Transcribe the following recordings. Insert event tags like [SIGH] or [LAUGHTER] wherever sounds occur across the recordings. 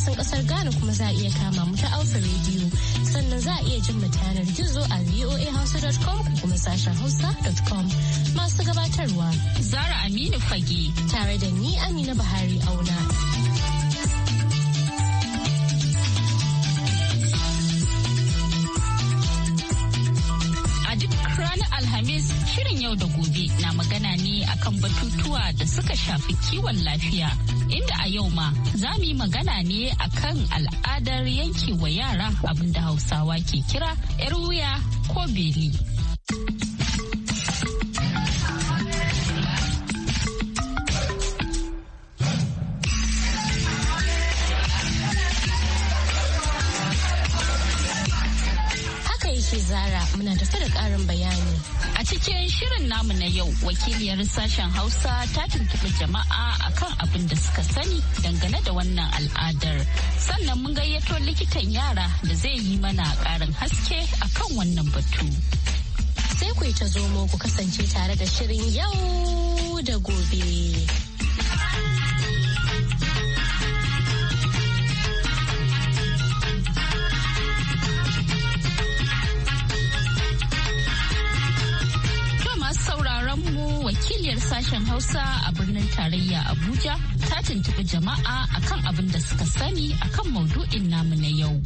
matasan kasar Ghana kuma za a iya kama mu ta Alpha Radio. Sannan za a iya jin mu ta yanar gizo a voahausa.com kuma sashen hausa.com. Masu gabatarwa Zara Aminu Fage tare da ni Amina Buhari Auna. Shirin yau da gobe na magana ne akan batutuwa da suka shafi kiwon lafiya, inda a yau ma za mu yi magana ne akan al'adar wa yara abinda Hausawa ke kira 'yar wuya ko beli. muna tafe da ƙarin bayani. A cikin shirin namu na yau wakiliyar sashen Hausa ta tuntuɓi jama'a akan abin da suka sani dangane da wannan al'adar. Sannan mun gayyato likitan yara da zai yi mana ƙarin haske akan wannan batu. Sai ku ta zomo ku kasance tare da shirin yau da gobe. wakiliyar sashen hausa a birnin tarayya abuja ta tuntuɓi jama'a akan abin da suka sani akan maudu'in namu na yau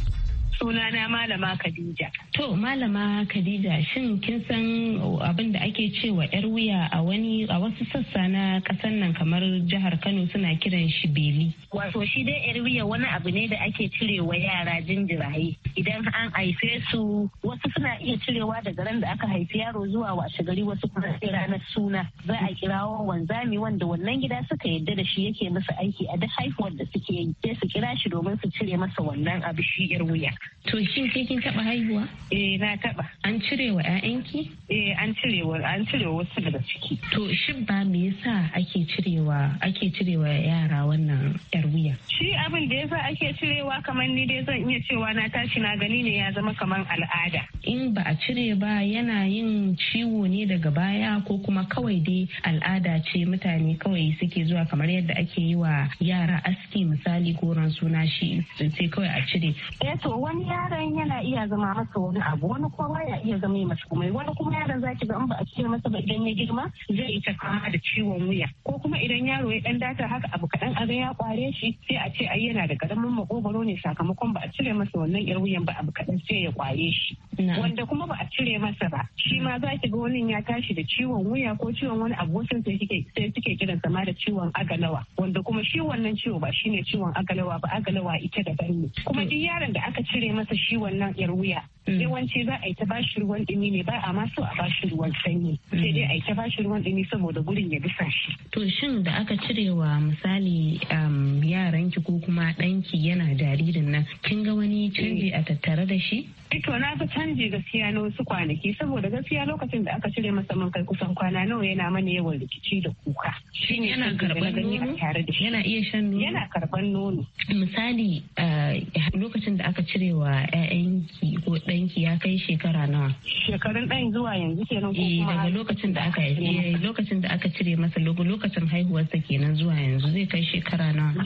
sunana malama Khadija. To malama Khadija shin kin san abin da ake cewa yar wuya a wani a wasu sassa na kasan nan kamar jihar Kano suna kiran shi beli. Wato shi dai yar wuya wani abu ne da ake cire wa yara jinjiraye idan an haife su wasu suna iya cirewa daga ran da aka haifi yaro zuwa washe gari wasu kuma sai ranar suna za a kirawo wanzami wanda wannan gida suka yadda da shi yake musu aiki a duk haihuwar da suke yi sai su kira shi domin su cire masa wannan abu shi yar wuya. To shin ke kin taba haihuwa? Eh na taba. An cire wa ƴaƴanki? Eh an cire wa an cire wasu daga ciki. To shin ba me yasa ake cirewa ake cirewa yara wannan yar wuya? Shi abin da yasa ake cirewa kamar ni dai zan iya cewa na tashi na gani ne ya zama kamar al'ada. In ba a cire ba yana yin ciwo ne daga baya ko kuma kawai dai al'ada ce mutane kawai suke zuwa kamar yadda ake yi wa yara aski misali ko ran suna shi sai kawai a cire. Eh to wani yaron yana iya zama masa wani abu wani kuma ya iya zama masa komai wani kuma yaron zaki ga in ba a cire masa ba idan ya girma zai ita kama da ciwon wuya ko kuma idan yaro ya dan data haka abu kadan a ya kware shi sai a ce ai yana da karamin makogoro ne sakamakon ba a cire masa wannan yar wuyan ba abu kadan sai ya kware shi wanda kuma ba a cire masa ba shi ma zaki ga wani ya tashi da ciwon wuya ko ciwon wani abu sai suke sai suke kiran sa da ciwon agalawa wanda kuma shi wannan ciwo ba shine ciwon agalawa ba agalawa ita da ne kuma duk yaron da aka cire cire masa shi wannan yar wuya Mm. yawanci za a yi ta bashi ruwan dumi ne ba a ma so a bashi ruwan sanyi mm. sai dai a yi ta bashi ruwan dumi saboda gurin ya bisa shi to shin da aka cirewa misali um, yaran ki ko kuma ɗanki yana jaririn nan kin ga wani canji eh. a tattare da shi eh to na ga canji gaskiya na wasu kwanaki saboda gaskiya lokacin da aka cire masa man kai kusan kwana nawa yana mana yawan rikici da kuka Shin yana karɓar nono yana iya shan nono yana karɓar nono misali uh, lokacin da aka cirewa ƴaƴanki ko ɗan ɗanki ya kai shekara nawa shekarun ɗan zuwa yanzu kenan ko eh, kuma daga lokacin da aka yi lokacin da aka cire masa lokacin haihuwarsa kenan zuwa yanzu zai kai shekara nawa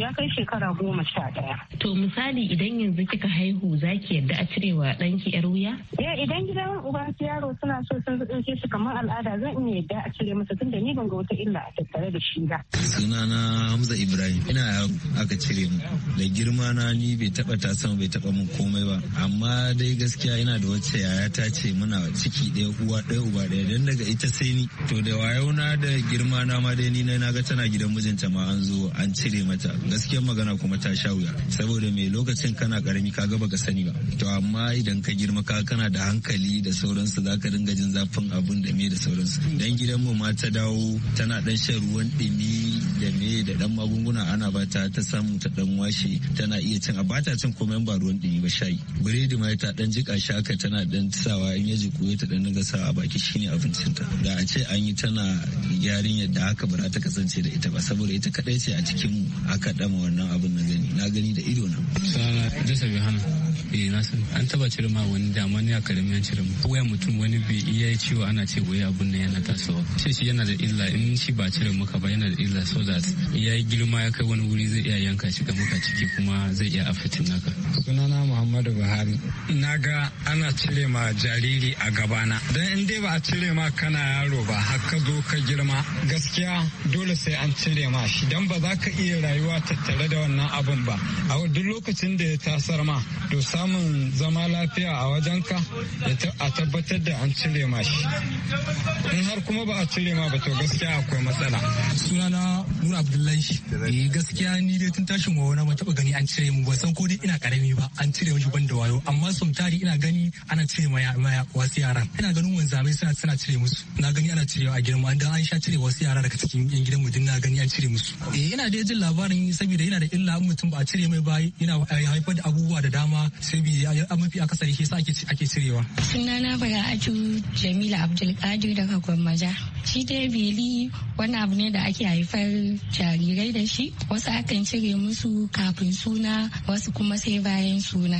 ya kai shekara goma sha ɗaya to misali idan yanzu kika haihu zaki yadda a cire wa ɗanki yar wuya eh idan gidan uba yaro suna so sun ɗauke shi kamar al'ada zan iya yadda a cire masa tunda ni ban ga wata illa a tattare da shi ba sunana Hamza Ibrahim ina yaro aka cire mu da girma na ni bai taɓa tasan bai taɓa mun komai ba amma dai gaskiya yana da wacce yaya ta ce muna ciki ɗaya uwa ɗaya uba ɗaya dan daga ita sai ni to da wayo na da girma na ma dai ni na ga tana gidan mijinta ma an zo an cire mata gaskiyar magana kuma ta sha wuya saboda mai lokacin kana karami kaga baka sani ba to amma idan ka girma ka kana da hankali da sauransu zaka dinga jin zafin abun da me da sauransu dan gidan mu ma ta dawo tana dan shan ruwan ɗumi da me da dan magunguna ana bata ta samu ta dan washe tana iya cin a bata cin komai ba ruwan dumi ba shayi biredi ma ta dan jika shi tana dan sawa in ya jiku ta dan daga sa a baki shine abincin ta da a ce an yi tana yarin yadda haka ba ta kasance da ita ba saboda ita kadai ce a cikin mu aka dama wannan abin na gani na gani da ido na sana jasa yohana eh na san an taba cire ma wani dama ne a karami an cire ma waya mutum wani bai iya cewa ana ce waya abun nan yana tasowa sai shi yana da illa in shi ba cire maka ba yana da illa so that iya girma ya kai wani wuri zai iya yanka shi ga muka ciki kuma zai iya afitin naka sunana muhammadu buhari na ga ana cire ma jariri a gabana dan in dai ba a cire ma kana yaro ba har ka zo ka girma gaskiya dole sai an cire ma shi dan ba za ka iya rayuwa tattare da wannan abun ba a duk lokacin da ya tasar ma to samun zama lafiya a wajenka a tabbatar da an cire ma shi in har kuma ba a cire ma ba to gaskiya akwai matsala sunana nura abdullahi eh gaskiya ni dai tun tashin wa wani ban taba gani an cire mu ba san ko dai ina karami ba an cire mishi ban da wayo amma sum tari ina gani ana cire ma wasu yaran ina ganin wanzamai suna suna cire musu na gani ana cire a mu. an da an sha cire wasu yara daga cikin yan gidanmu din na gani an cire musu eh ina dai jin labarin saboda yana da illa mutum ba a cire mai ba yana haifar da abubuwa da dama saboda ya mafi kasar shi sa ake cirewa sunana bara Jamilu jamila abdulkadir daga gwammaja shi dai beli wani abu ne da ake haifar jarirai da shi wasu akan cire musu kafin suna wasu kuma sai bayan suna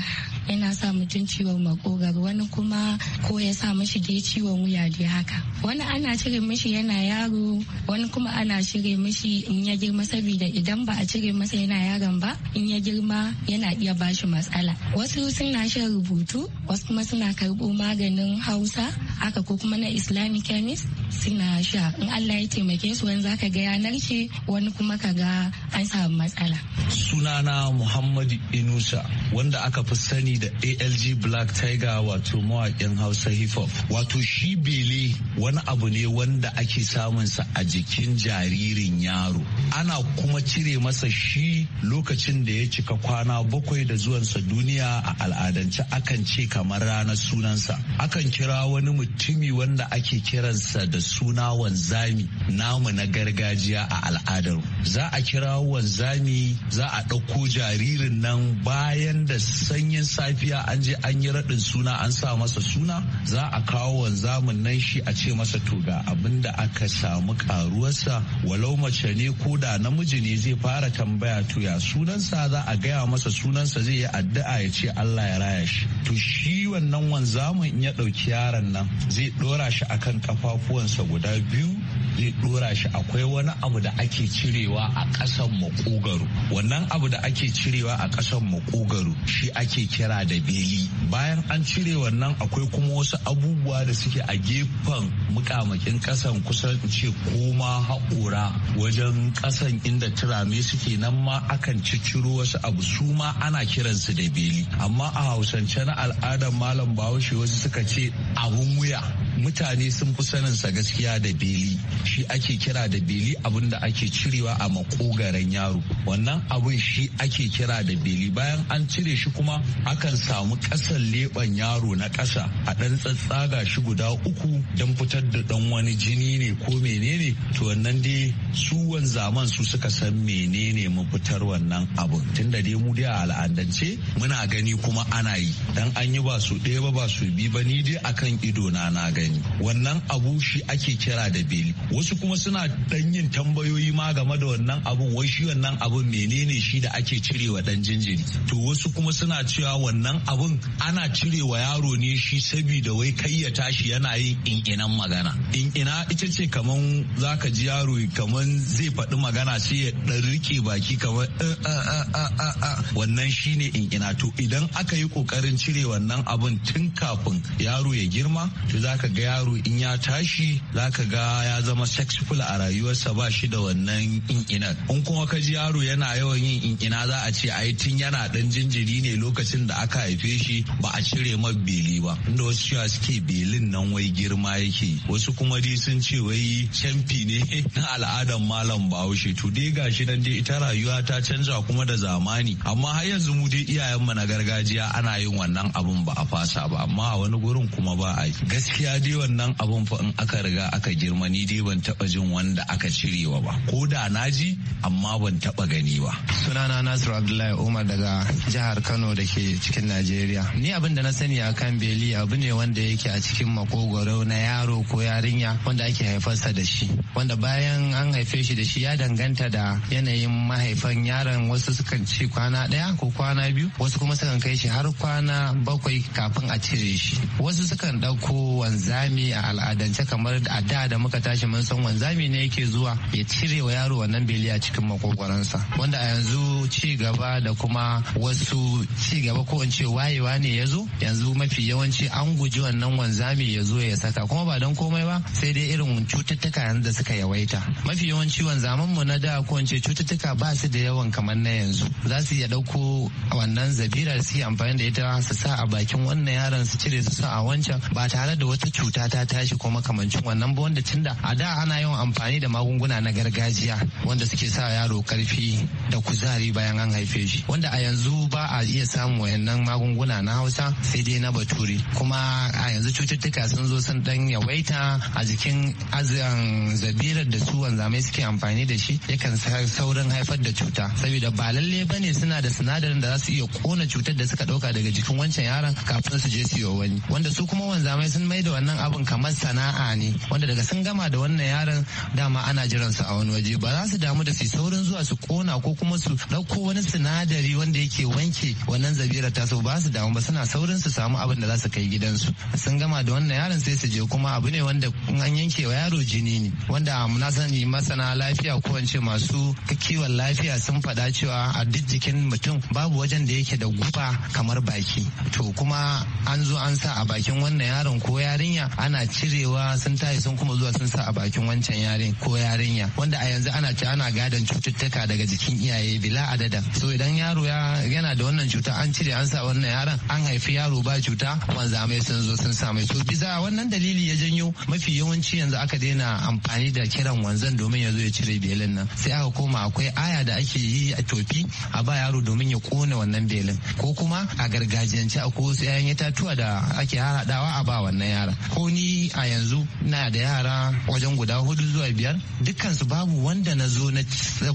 yana sa mutum ciwon makogaro wani kuma ko ya sa mashi dai ciwon wuya dai haka wani ana cire mashi yana yaro wani kuma ana cire mashi in ya girma saboda idan ba a cire masa yana yaron ba in ya girma yana iya bashi matsala wasu suna shan rubutu wasu kuma suna karbo maganin hausa haka ko kuma na islamic chemist suna sha in allah ya taimake su wani zaka ga yanar ce wani kuma ka ga an samu matsala sunana muhammadu inusa wanda aka fi sani da alg black tiger wato mawaƙin hausa hip hop wato shi bele wani abu ne wanda ake samun sa a jikin jaririn yaro ana kuma cire masa shi lokacin da ya cika kwana bakwai da zuwansa duniya a al'adance akan ce kamar ranar sunansa akan kira wani mutumi wanda ake kiransa da suna wanzami namu na gargajiya a al'adar za a kira wanzami za a ɗauko jaririn nan bayan da sanyin sa lafiya an je an yi raɗin suna an sa masa suna za a kawo wanzamin nan shi a ce masa to ga abin da aka samu karuwarsa walau mace ne ko da namiji ne zai fara tambaya to ya sunansa za a gaya masa sunansa zai yi addu'a ya ce Allah ya raya shi to shi wannan wanzamin in ya ɗauki yaron nan zai ɗora shi akan kafafuwansa guda biyu zai ɗora shi akwai wani abu da ake cirewa a ƙasan makogaro wannan abu da ake cirewa a ƙasan makogaro shi ake kira naira da beli bayan an cire wannan akwai kuma wasu abubuwa da suke a gefen mukamakin kasan kusan ce koma haƙura wajen kasan inda turame suke nan ma akan cicciro wasu abu su ma ana kiransu da beli amma a hausance na al'adar malam bahaushe wasu suka ce abun wuya mutane sun fi saninsa gaskiya da beli shi ake kira da beli abin da ake cirewa a makogaran yaro wannan abin shi ake kira da beli bayan an cire shi kuma akan samu ƙasan leɓen yaro na ƙasa a ɗan tsatsaga shi guda uku don fitar da dan wani jini ne ko menene to wannan dai su zaman su suka san menene mu fitar wannan abin tunda dai mu dai a al'adance muna gani kuma ana yi dan an yi ba su ɗaya ba ba su bi ba ni dai akan ido na na gani gani wannan abu shi ake kira da beli wasu kuma suna dan yin tambayoyi ma game da wannan abun wai shi wannan abun menene shi da ake cirewa dan jinjiri to wasu kuma suna cewa wannan abun ana cirewa yaro ne shi saboda wai kai ya tashi yana yin in'inan magana ina ita ce kaman zaka ji yaro kaman zai faɗi magana sai ya dan rike baki kaman. Eh, eh, eh, wannan shine in'ina to idan aka yi kokarin cire wannan abun tun kafin yaro ya girma to zaka ga ga yaro in ya tashi zaka ga ya zama sexful a rayuwarsa ba shi da wannan inkinan in kuma ka ji yaro yana yawan yin inkina za a ce ai tun yana dan jinjiri ne lokacin da aka haife shi ba a cire ma beli ba inda wasu cewa suke belin nan wai girma yake wasu kuma dai sun ce wai champi ne [LAUGHS] na al'adan malam bahaushe to dai gashi nan dai ita rayuwa ta canza kuma da zamani amma har yanzu mu dai iyayenmu na gargajiya ana yin wannan abun ba a fasa ba amma a wani gurin kuma ba a yi gaskiya dai dai wannan abun fa in aka riga aka girma ni dai ban taba jin wanda aka cirewa ba ko da na ji amma ban taba gani ba sunana nasiru abdullahi umar daga jihar kano da ke cikin najeriya ni abin da na sani kan beli abu ne wanda yake a cikin makogoro na yaro ko yarinya wanda ake haifarsa da shi wanda bayan an haife shi da shi ya danganta da yanayin mahaifan yaron wasu sukan ci kwana daya ko kwana biyu wasu kuma sukan kai shi har kwana bakwai kafin a cire shi wasu sukan ɗauko wanza wanzami a al'adance kamar a da da muka tashi mun san wanzami ne yake zuwa ya cire wa yaro wannan beli a cikin makogwaransa wanda a yanzu ci gaba da kuma wasu ci gaba ko in ce wayewa ne ya zo yanzu mafi yawanci an guji wannan wanzami ya zo ya saka kuma ba don komai ba sai dai irin cututtuka yanzu da suka yawaita mafi yawanci wanzaman mu na da ko in ce cututtuka ba su da yawan kamar na yanzu za su iya ɗauko wannan zabira su yi amfani da ita su sa a bakin wannan yaron su cire su sa a wancan ba tare da wata cuta ta tashi ko makamancin wannan ba wanda tunda a da ana yawan amfani da magunguna na gargajiya wanda suke sa yaro karfi da kuzari bayan an haife shi wanda a yanzu ba a iya samun wayannan magunguna na hausa sai dai na baturi kuma a yanzu cututtuka sun zo sun dan yawaita a jikin azan zabirar da su wanzamai suke amfani da shi yakan saurin haifar da cuta saboda ba lalle bane suna da sinadarin da za su iya kona cutar da suka dauka daga jikin wancan yaron kafin su je su yi wani wanda su kuma wanzamai sun mai da wannan wannan abin kamar sana'a ne wanda daga sun gama da wannan yaron dama ana jiran su a wani waje ba za su damu da su saurin zuwa su kona ko kuma su dauko wani sinadari wanda yake wanke wannan zabira ta so ba su damu ba suna saurin su samu abin da za su kai gidansu sun gama da wannan yaron sai su je kuma abu ne wanda an yanke wa yaro jini ne wanda na sani masana lafiya ko wance masu kiwon lafiya sun faɗa cewa a duk jikin mutum babu wajen da yake da guba kamar baki to kuma an zo an sa a bakin wannan yaron ko yarinya yarinya ana cirewa sun tayi sun kuma zuwa sun sa a bakin wancan yarin ko yarinya wanda a yanzu ana ci ana gadon cututtuka daga jikin iyaye bila adada so idan yaro ya yana da wannan cuta an cire an sa wannan yaron an haifi yaro ba cuta wanzamai sun zo sun sa mai so bisa wannan dalili ya janyo mafi yawanci yanzu aka daina amfani da kiran wanzan domin yazo ya cire belin nan sai aka koma akwai aya da ake yi a tofi a ba yaro domin ya kona wannan belin ko kuma a gargajiyance akwai wasu 'ya'yan itatuwa da ake haradawa a ba wannan yaran. ko ni a yanzu na da yara wajen guda hudu zuwa biyar dukkansu babu wanda na zo na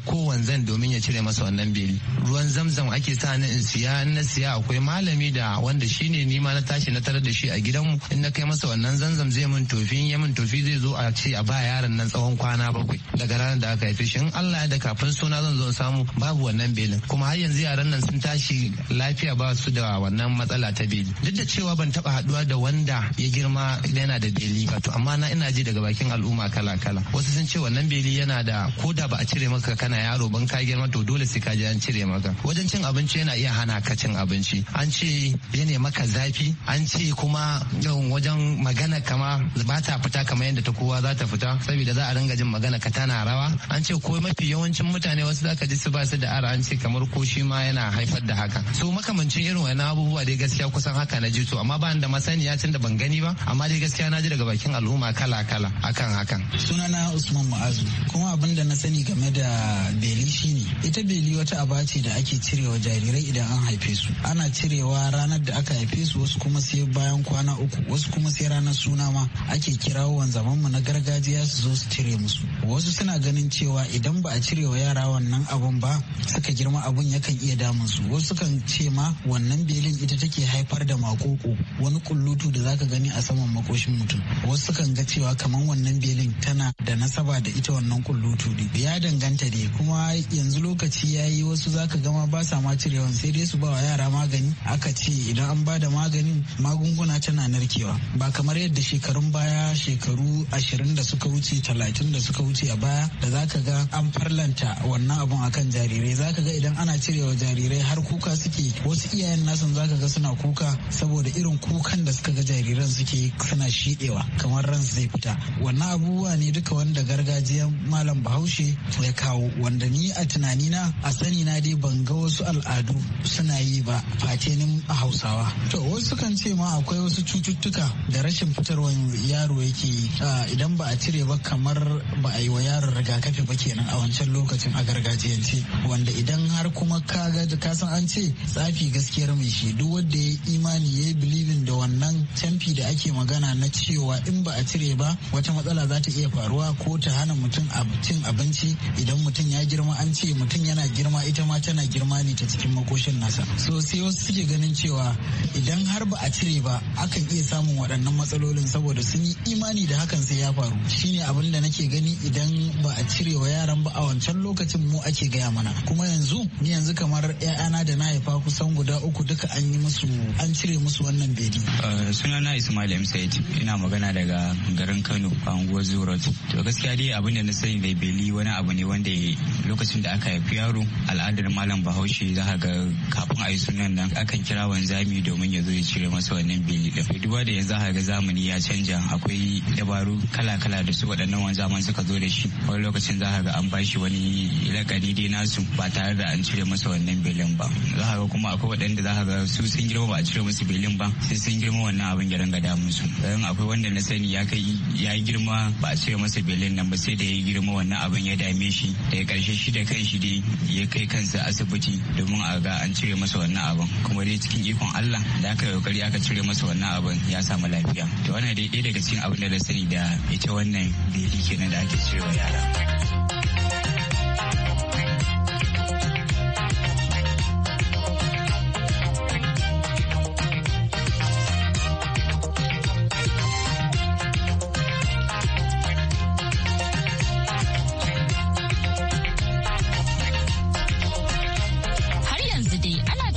ko wanzan domin ya cire masa wannan beli ruwan zamzam ake sa ni in siya in na siya akwai malami da wanda shine ni ma na tashi na tarar da shi a gidanmu in na kai masa wannan zamzam zai min tofi in ya min tofi zai zo a ce a ba yaron nan tsawon kwana bakwai daga ranar da aka haife shi in Allah ya da kafin suna zan zo samu babu wannan belin kuma har yanzu yaran nan sun tashi lafiya ba su da wannan matsala ta beli duk da cewa ban taba haduwa da wanda ya girma yana da beli to amma na ina ji daga bakin al'umma kala kala wasu sun ce wannan beli yana da ko da ba a cire maka kana yaro ban ka girma to dole sai ka je an cire maka wajen cin abinci yana iya hana ka cin abinci an ce yana maka zafi an ce kuma wajen magana kama ba ta fita kamar yadda ta kowa za ta fita saboda za a ringa jin magana ka tana rawa an ce ko mafi yawancin mutane wasu za ka ji su ba su da ara an ce kamar ko shi ma yana haifar da haka so makamancin irin wani abubuwa dai gaskiya kusan haka na ji to amma ba da masaniya tun da ban gani ba amma dai sai gaskiya na ji daga bakin al'umma kala-kala akan hakan. Sunana Usman Ma'azu kuma abin da na sani game da beli shine ita beli wata aba ce da ake cirewa jarirai idan an haife su. Ana cirewa ranar da aka haife su wasu kuma sai bayan kwana uku wasu kuma sai ranar suna ma ake kirawo wanzaman mu na gargajiya su zo su cire musu. Wasu suna ganin cewa idan ba a cirewa yara wannan abun ba suka girma abun yakan iya damun su. Wasu kan ce ma wannan belin ita take haifar da makoko wani kullutu da zaka gani a saman makoshin mutum wasu kan ga cewa kamar wannan belin tana da nasaba da ita wannan kullutu ne ya danganta ne kuma yanzu lokaci ya yi wasu zaka gama ba sa ma cirewan sai dai su ba wa yara magani aka ce idan an ba da maganin magunguna tana narkewa ba kamar yadda shekarun baya shekaru ashirin da suka wuce talatin da suka wuce a baya da zaka ga an farlanta wannan abun akan jarirai zaka ga idan ana cirewa jarirai har kuka suke wasu iyayen nasan zaka ga suna kuka saboda irin kukan da suka ga jariran suke kana shiɗewa kamar ran zai fita wannan abubuwa ne duka wanda gargajiyan malam bahaushe ya kawo wanda ni a tunani na a sani na dai ban ga wasu al'adu suna yi ba a hausawa to wasu kan ce ma akwai wasu cututtuka da rashin fitarwar yaro yake yi idan ba a cire ba kamar ba a yi wa yaron rigakafi ba kenan a wancan lokacin a gargajiyance wanda idan har kuma ka ka san an ce tsafi gaskiyar mai shi duk wanda ya imani ya yi bilibin da wannan canfi da ake magana magana na cewa in ba a cire ba wata matsala za ta iya faruwa ko ta hana mutum cin abinci idan mutum ya girma an ce mutum yana girma ita ma tana girma ne ta cikin makoshin nasa so sai wasu suke ganin cewa idan har ba a cire ba akan iya samun waɗannan matsalolin saboda sun yi imani da hakan sai ya faru shine abin da nake gani idan ba a cire wa yaran ba a wancan lokacin mu ake gaya mana kuma yanzu ni yanzu kamar 'ya'yana da na haifa kusan guda uku duka an yi musu an cire musu wannan bedi eh, sunana ismail msa Said ina magana daga garin Kano a unguwar Zurot. To gaskiya dai abin da na sani da beli wani abu ne wanda lokacin da aka haifi yaro al'adar malam Bahaushe za ga kafin a yi sunan nan akan kira wanzami domin ya zo ya cire masa wannan beli din. Duba da yanzu za ga zamani ya canja akwai dabaru kala-kala da su waɗannan wanzaman suka zo da shi. Wani lokacin za ga an bashi wani lakari dai nasu ba tare da an cire masa wannan belin ba. Za ga kuma akwai waɗanda za ga su sun girma ba a cire musu belin ba sai sun girma wannan abin gyaran ga damun su. don akwai wanda na sani ya kai ya girma ba a cire masa belin nan ba sai da ya girma wannan abin ya dame shi daga karshe shi da kan shi dai ya kai kansa asibiti domin a ga an cire masa wannan abin kuma dai cikin ikon Allah da aka kokari aka cire masa wannan abin ya samu lafiya to wannan dai daga cikin abin da na sani da ita wannan beli kenan da ake cirewa yara.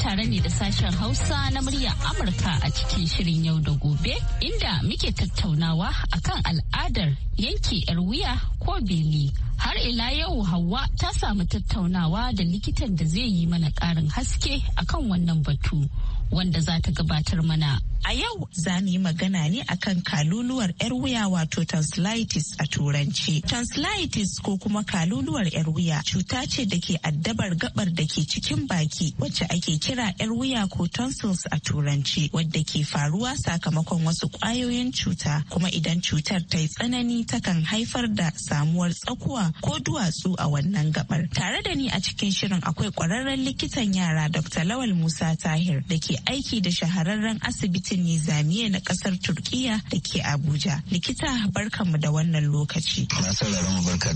tare ne da sashen Hausa na muryar Amurka a cikin shirin yau da gobe inda muke tattaunawa akan al'adar yanke 'yar wuya ko beli. Har ila yau Hauwa ta samu tattaunawa da likitan da zai yi mana ƙarin haske akan wannan batu. wanda za ta gabatar mana. A yau za mu yi magana ne akan kaluluwar 'yar wuya wato tonsillitis a turanci. Tonsillitis ko kuma kaluluwar 'yar wuya cuta ce da ke addabar gabar da ke cikin baki wacce ake kira 'yar wuya ko tonsils a turanci wadda ke faruwa sakamakon wasu ƙwayoyin cuta kuma idan cutar ta yi tsanani takan haifar da samuwar tsakuwa ko duwatsu a wannan gabar. Tare da ni a cikin shirin akwai ƙwararren likitan yara Dr. Lawal Musa Tahir da ke aiki da shahararren asibitin nizamiya na kasar turkiya da ke abuja likita barkanmu da wannan lokaci masu sauraron mu barka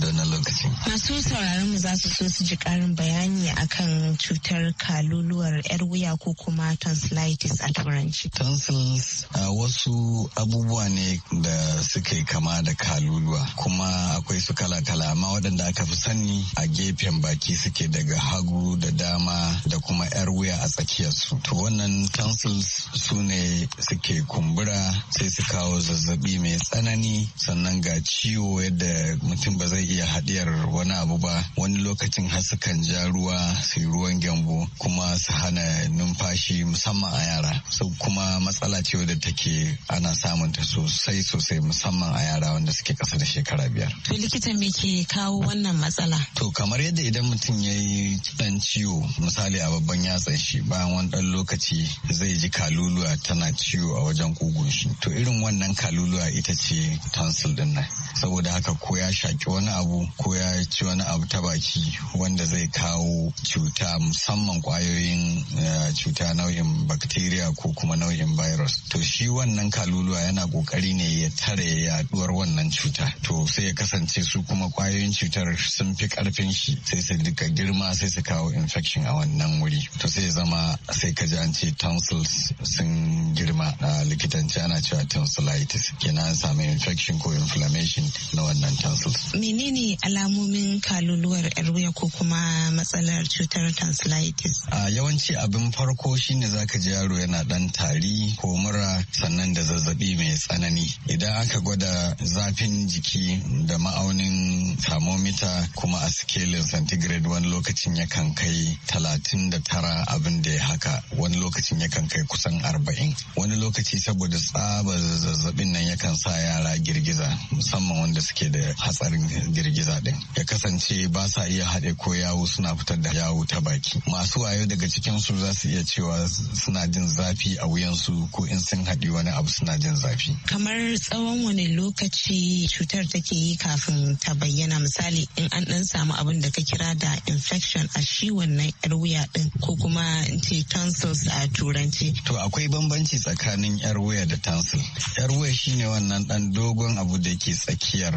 za su so su ji karin bayani akan cutar kaluluwar yar wuya ko kuma tonsillitis a turanci tonsils wasu abubuwa ne da suke kama da kaluluwa kuma akwai su kala-kala amma waɗanda aka fi sani a gefen baki suke daga hagu da dama da kuma yar wuya a tsakiyarsu to wannan waɗannan tonsils su ne suke kumbura sai su kawo zazzabi mai tsanani sannan ga ciwo yadda mutum ba zai iya haɗiyar wani abu ba wani lokacin har sukan ja ruwa su yi ruwan gyambo kuma su hana numfashi musamman a yara so kuma matsala ce wadda take ana samun ta sosai sosai musamman a yara wanda suke ƙasa da shekara biyar. To likitan me ke kawo wannan matsala? To kamar yadda idan mutum ya yi ɗan ciwo misali a babban yatsan shi bayan wani ɗan lokaci zai ji kaluluwa tana ciwo a wajen kugun shi to irin wannan kaluluwa ita ce tonsil din nan saboda haka ko ya shaki wani abu ko ya ci wani abu ta baki wanda zai kawo cuta musamman kwayoyin eh, cuta nau'in bacteria ko kuma nau'in virus to shi wannan kaluluwa yana kokari ne ya tare yaduwar wannan cuta to sai ya kasance su kuma kwayoyin cutar sun fi karfin shi sai su duka girma sai su kawo infection a wannan wuri to sai ya zama sai ka ji an ce tonsils sun girma a likitanci ana cewa tonsillitis kenan an samu infection ko inflammation na wannan tonsils. Menene alamomin kaluluwar wuya ko kuma matsalar cutar tonsillitis? A yawanci abin farko shine zaka ji yaro yana dan tari ko mura sannan da zazzabi mai tsanani. Idan aka gwada zafin jiki da ma'aunin thermometer kuma a scale centigrade wani lokacin yakan kai talatin da tara abin da ya haka wani lokacin lokacin yakan kai kusan arba'in wani lokaci saboda tsaba zazzabin nan yakan sa yara girgiza musamman wanda suke da hatsarin girgiza din ya kasance ba sa iya haɗe ko yawo suna fitar da yawo ta baki masu wayo daga cikin su za su iya cewa suna jin zafi a wuyan su ko in sun haɗi wani abu suna jin zafi kamar tsawon wani lokaci cutar take yi kafin ta bayyana misali in an ɗan samu abin da ka kira da infection a shi wannan yar wuya din ko kuma ce tonsils a turanci. To akwai bambanci tsakanin yar wuya da tansil. Yar wuya shine wannan dan dogon abu da ke tsakiyar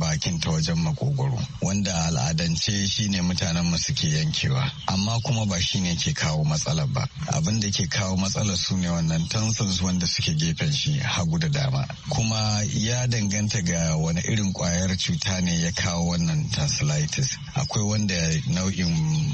bakin ta wajen makogoro wanda al'adance shine mutanen mu suke yankewa amma kuma ba shine ke kawo matsalar ba. Abin da ke kawo matsalar su ne wannan tansil wanda suke gefen shi hagu da dama. Kuma ya danganta ga wani irin kwayar cuta ne ya kawo wannan tonsillitis. Akwai wanda nau'in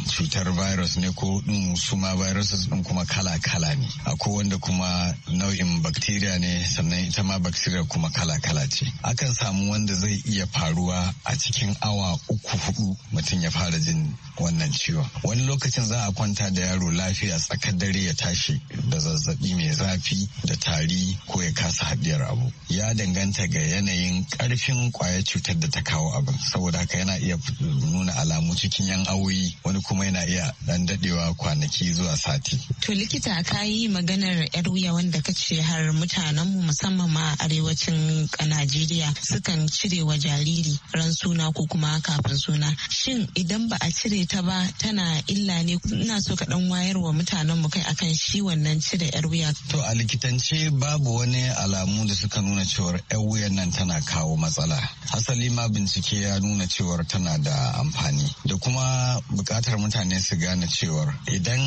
cutar virus ne ko din suma viruses din kuma kala kala-kala ne akwai wanda kuma nau'in bakteriya ne sannan ita ma bakteriya kuma kala-kala ce akan samu wanda zai iya faruwa a cikin awa uku hudu mutum ya fara jin wannan ciwon wani lokacin za a kwanta da yaro lafiya tsakar dare ya tashi da zazzabi mai zafi da tari ko ya kasa haɗiyar abu ya danganta ga yanayin ƙarfin ƙwayar cutar da ta kawo abin saboda haka yana iya nuna alamu cikin yan awoyi wani kuma yana iya dan daɗewa kwanaki zuwa sati to likita Dokta ka yi maganar yar wuya wanda ka ce har mutanen mu musamman ma a arewacin Najeriya sukan cire wa jariri ran suna ko kuma kafin suna. Shin idan ba a cire ta ba tana illa ne ina so ka dan wayar wa mutanen mu kai akan shi wannan cire yar wuya. To a likitance babu wani alamu da suka nuna cewar yar wuya nan tana kawo matsala. asali ma bincike ya nuna cewar tana da amfani da kuma bukatar mutane su gane cewar idan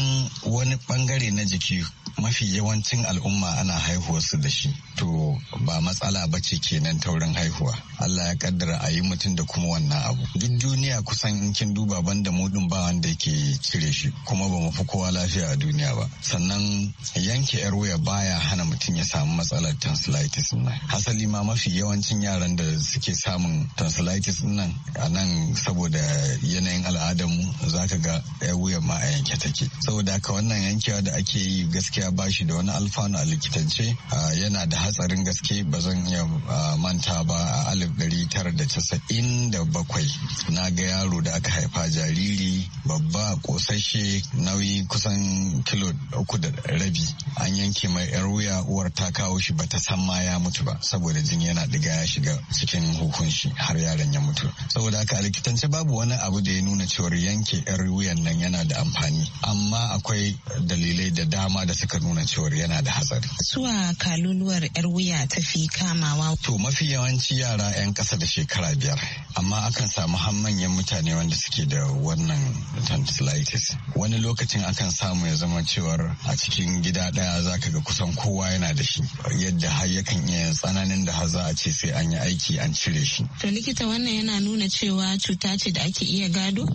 wani bangare na jiki mafi yawancin al'umma ana haihuwar su da shi to ba matsala ba ce kenan taurin haihuwa Allah ya kaddara a yi mutum da kuma wannan abu duk duniya kusan in kin duba banda mudin ba wanda yake cire shi kuma ba mu fi kowa lafiya a duniya ba sannan yanke yar wuya baya hana mutum ya samu matsalar tonsillitis nan hasali ma mafi yawancin yaran da suke samun tonsillitis nan a nan saboda yanayin al'adarmu zaka ga yar wuya ma a yanke take saboda haka wannan yankewa da ake ake yi gaskiya ba shi da wani alfanu a likitance ah, yana da hatsarin gaske ba zan iya ah, manta ba a alif ɗari tara da casa'in da bakwai na ga yaro da aka haifa jariri babba kosashe nauyi kusan kilo uku da rabi an yanke mai yar wuya uwar ta kawo shi bata san ma ya mutu ba saboda jini yana diga ya shiga cikin hukun shi har yaron ya mutu saboda haka a likitance babu wani abu da ya nuna cewar yanke yar wuyan nan yana da amfani amma akwai dalilai da dama da suka nuna cewar yana da hatsari. Suwa kaluluwar 'yar wuya ta fi kamawa. To mafi yawanci yara 'yan ƙasa da shekara biyar amma akan samu har manyan mutane wanda suke da wannan tonsillitis. Wani lokacin akan samu ya zama cewar a cikin gida ɗaya za ka ga kusan kowa yana da shi yadda har yakan iya tsananin da har za a ce sai an yi aiki an cire shi. To likita wannan yana nuna cewa cuta ce da ake iya gado?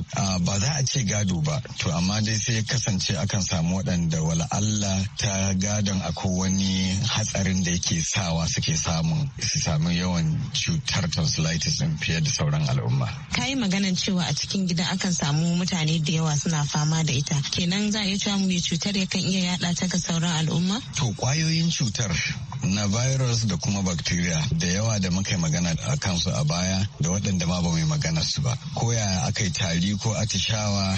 ba za a ce gado ba to amma dai sai ya kasance akan samu waɗanda wala Allah ta gadon ko wani hatsarin da yake sawa suke samun su sami yawan cutar tonsillitis din fiye da sauran al'umma. Ka yi maganan cewa a cikin gida akan samu mutane da yawa suna fama da ita. Kenan za a iya cewa mai cutar yakan iya yada ta ga sauran al'umma? To kwayoyin cutar na virus da kuma bacteria da yawa da muka yi magana a kansu a baya da waɗanda ma ba mu yi magana su ba ko ya aka yi tari ko atishawa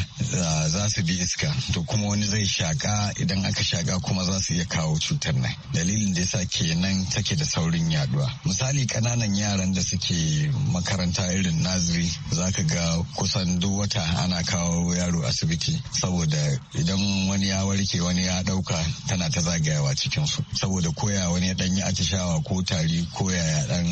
za su bi iska to kuma wani zai shaka idan aka shaka kuma za su iya kawo cutar nan dalilin da yasa kenan take da saurin yaduwa misali kananan yaran da suke makaranta irin naziri za ka ga kusan duk wata ana kawo yaro asibiti saboda idan wani ya warke wani ya ɗauka tana ta zagayawa cikinsu saboda koya wani ya dan yi atishawa ko tari ko yaya dan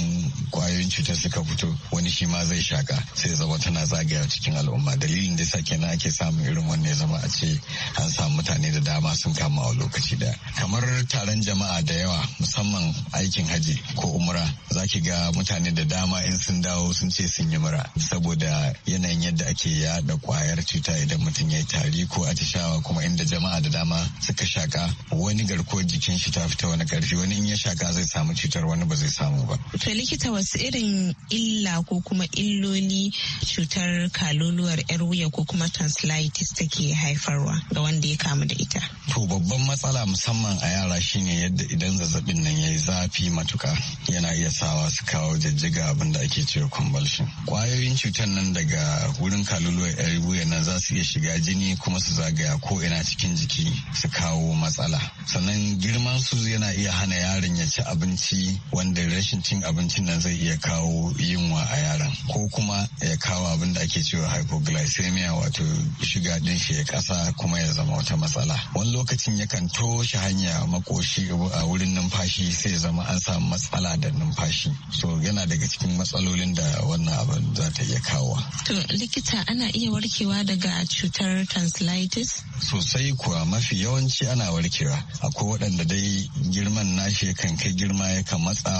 kwayoyin cutar suka fito wani shi ma zai shaka sai zama tana zagaya cikin al'umma dalilin da sake na ake samun irin wannan ya zama a ce an samu mutane da dama sun kama a lokaci da kamar taron jama'a da yawa musamman aikin haji ko umra zaki ga mutane da dama in sun dawo sun ce sun yi mura saboda yanayin yadda ake yada kwayar cuta idan mutum ya yi tari ko atishawa kuma inda jama'a da dama suka shaka wani garkuwar jikin shi ta fita wani karfi wani ya shaka zai samu cutar wani ba zai samu ba. To likita wasu irin illa ko kuma illoli cutar kaluluwar yar wuya ko kuma tonsillitis take haifarwa ga wanda ya kamu da ita. To babban matsala musamman a yara shine yadda idan zazzabin nan ya yi zafi matuka yana iya sawa su kawo jijjiga abin da ake cewa convulsion. Kwayoyin cutar nan daga wurin kaluluwar yar wuya nan za su iya shiga jini kuma su zagaya ko ina cikin jiki su kawo matsala. Sannan girman su yana iya hana yaro yaron ci abinci wanda rashin cin abincin nan zai iya kawo yunwa a yaran ko kuma ya kawo abin da ake cewa hypoglycemia wato shiga din shi ya kasa kuma ya zama wata matsala wani lokacin yakan toshe hanya makoshi a wurin numfashi sai zama an samu matsala da numfashi so yana daga cikin matsalolin da wannan abin za ta iya kawo to likita ana iya warkewa daga cutar tonsillitis sosai kuwa mafi yawanci ana warkewa akwai waɗanda dai girman nashi yakan kai girma yakan matsa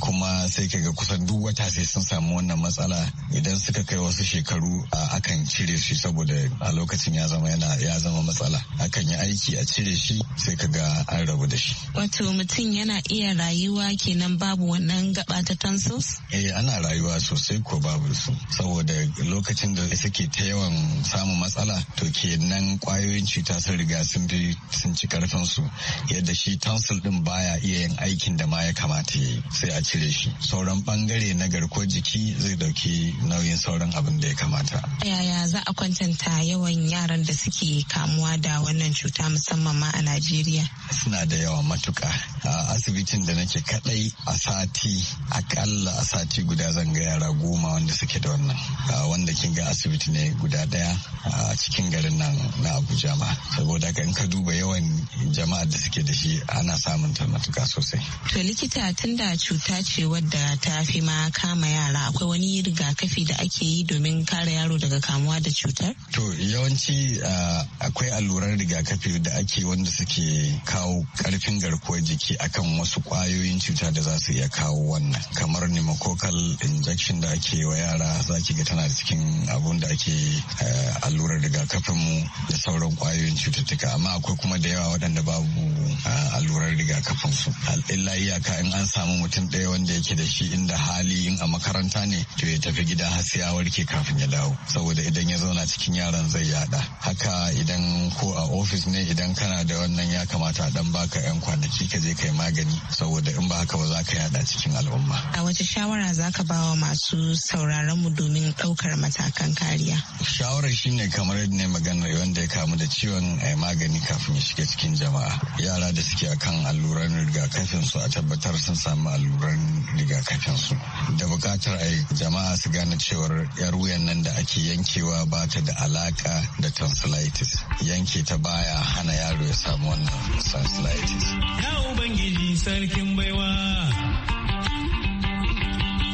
kuma sai ka ga kusan duk wata sai sun samu wannan matsala idan suka kai wasu shekaru a akan cire shi saboda a lokacin ya zama yana ya zama matsala akan yi aiki a cire shi sai ka ga an rabu da shi wato mutum yana iya rayuwa kenan babu wannan gaba ta tonsils eh ana rayuwa sosai ko babu su saboda lokacin da suke ta yawan samun matsala to kenan kwayoyin cuta sun riga sun bi sun ci karfin su yadda shi tonsil din baya iya yin aikin da ma ya kamata ya yi sai a cire shi sauran bangare na garkuwar jiki zai dauki nauyin sauran abin da ya kamata yaya za a kwantanta yawan yaran da suke kamuwa da wannan cuta musamman ma a najeriya suna da yawa matuka a asibitin da nake kadai a sati akalla a sati guda zan ga yara goma wanda suke da wannan wanda kin ga asibiti ne guda daya a cikin garin nan na abuja ma saboda in ka duba yawan jama'a da suke da shi ana samun ta matuka sosai sosai. To likita tunda cuta ce wadda ta fi ma kama yara akwai wani rigakafi da ake yi domin kare yaro daga kamuwa da cutar? To yawanci akwai akwai alluran rigakafi da ake wanda suke kawo karfin garkuwar jiki akan wasu kwayoyin cuta da za su iya kawo wannan kamar pneumococcal injection da ake wa yara za ki ga tana cikin abun da ake allurar allurar rigakafin mu da sauran kwayoyin cututtuka amma akwai kuma da yawa waɗanda babu allurar rigakafin su illa iyaka in an samu mutum ɗaya wanda yake da shi inda hali in a makaranta ne to ya tafi gida har sai ya warke kafin ya dawo saboda idan ya zauna cikin yaran zai yada haka idan ko a ofis ne idan kana da wannan ya kamata dan baka yan kwanaki ka je kai magani saboda in ba haka ba za ka yada cikin al'umma a wace shawara za ka bawa masu sauraron mu domin ɗaukar matakan kariya shawarar shine kamar yadda ne maganar wanda ya kamu da ciwon eh, magani kafin ya shiga cikin jama'a yara da suke akan alluran rigakafi kafin a tabbatar sun samu alluran rigakafin su da bukatar a jama'a su gane cewar yar wuyan nan da ake yankewa ba ta da alaka da tonsillitis yanke ta baya hana yaro ya samu wannan tonsillitis ya ubangiji sarkin baiwa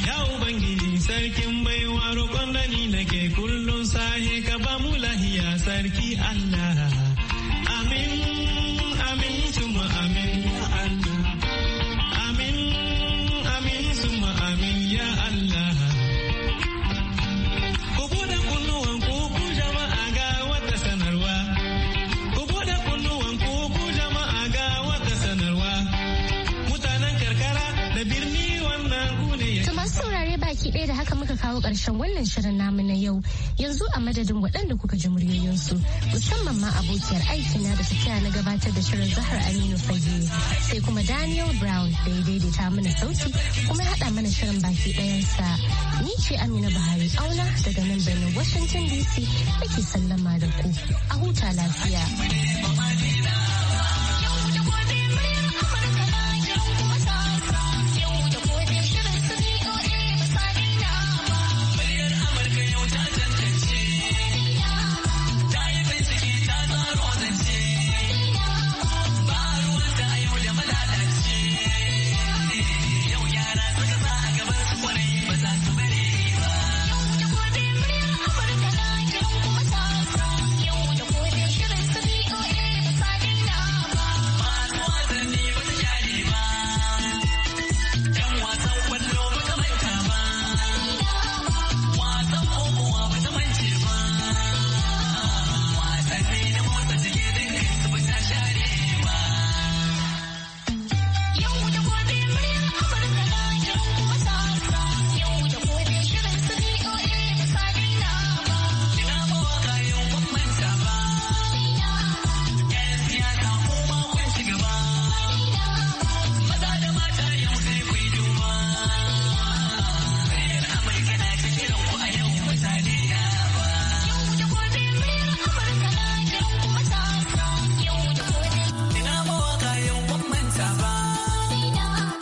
ya ubangiji sarkin baiwa roƙon da nake kullum sahe ka ba lahiya sarki Allah ɗaya da haka muka kawo ƙarshen wannan shirin namu na yau yanzu a madadin waɗanda kuka ji muryoyinsu musamman ma abokiyar na da tafiya na gabatar da shirin zahar aminu fage sai kuma daniel brown da ya daidaita mana sauti kuma ya haɗa mana shirin baki ɗayansa ni ce amina buhari auna daga nan birnin washington dc ake sallama da ku a huta lafiya.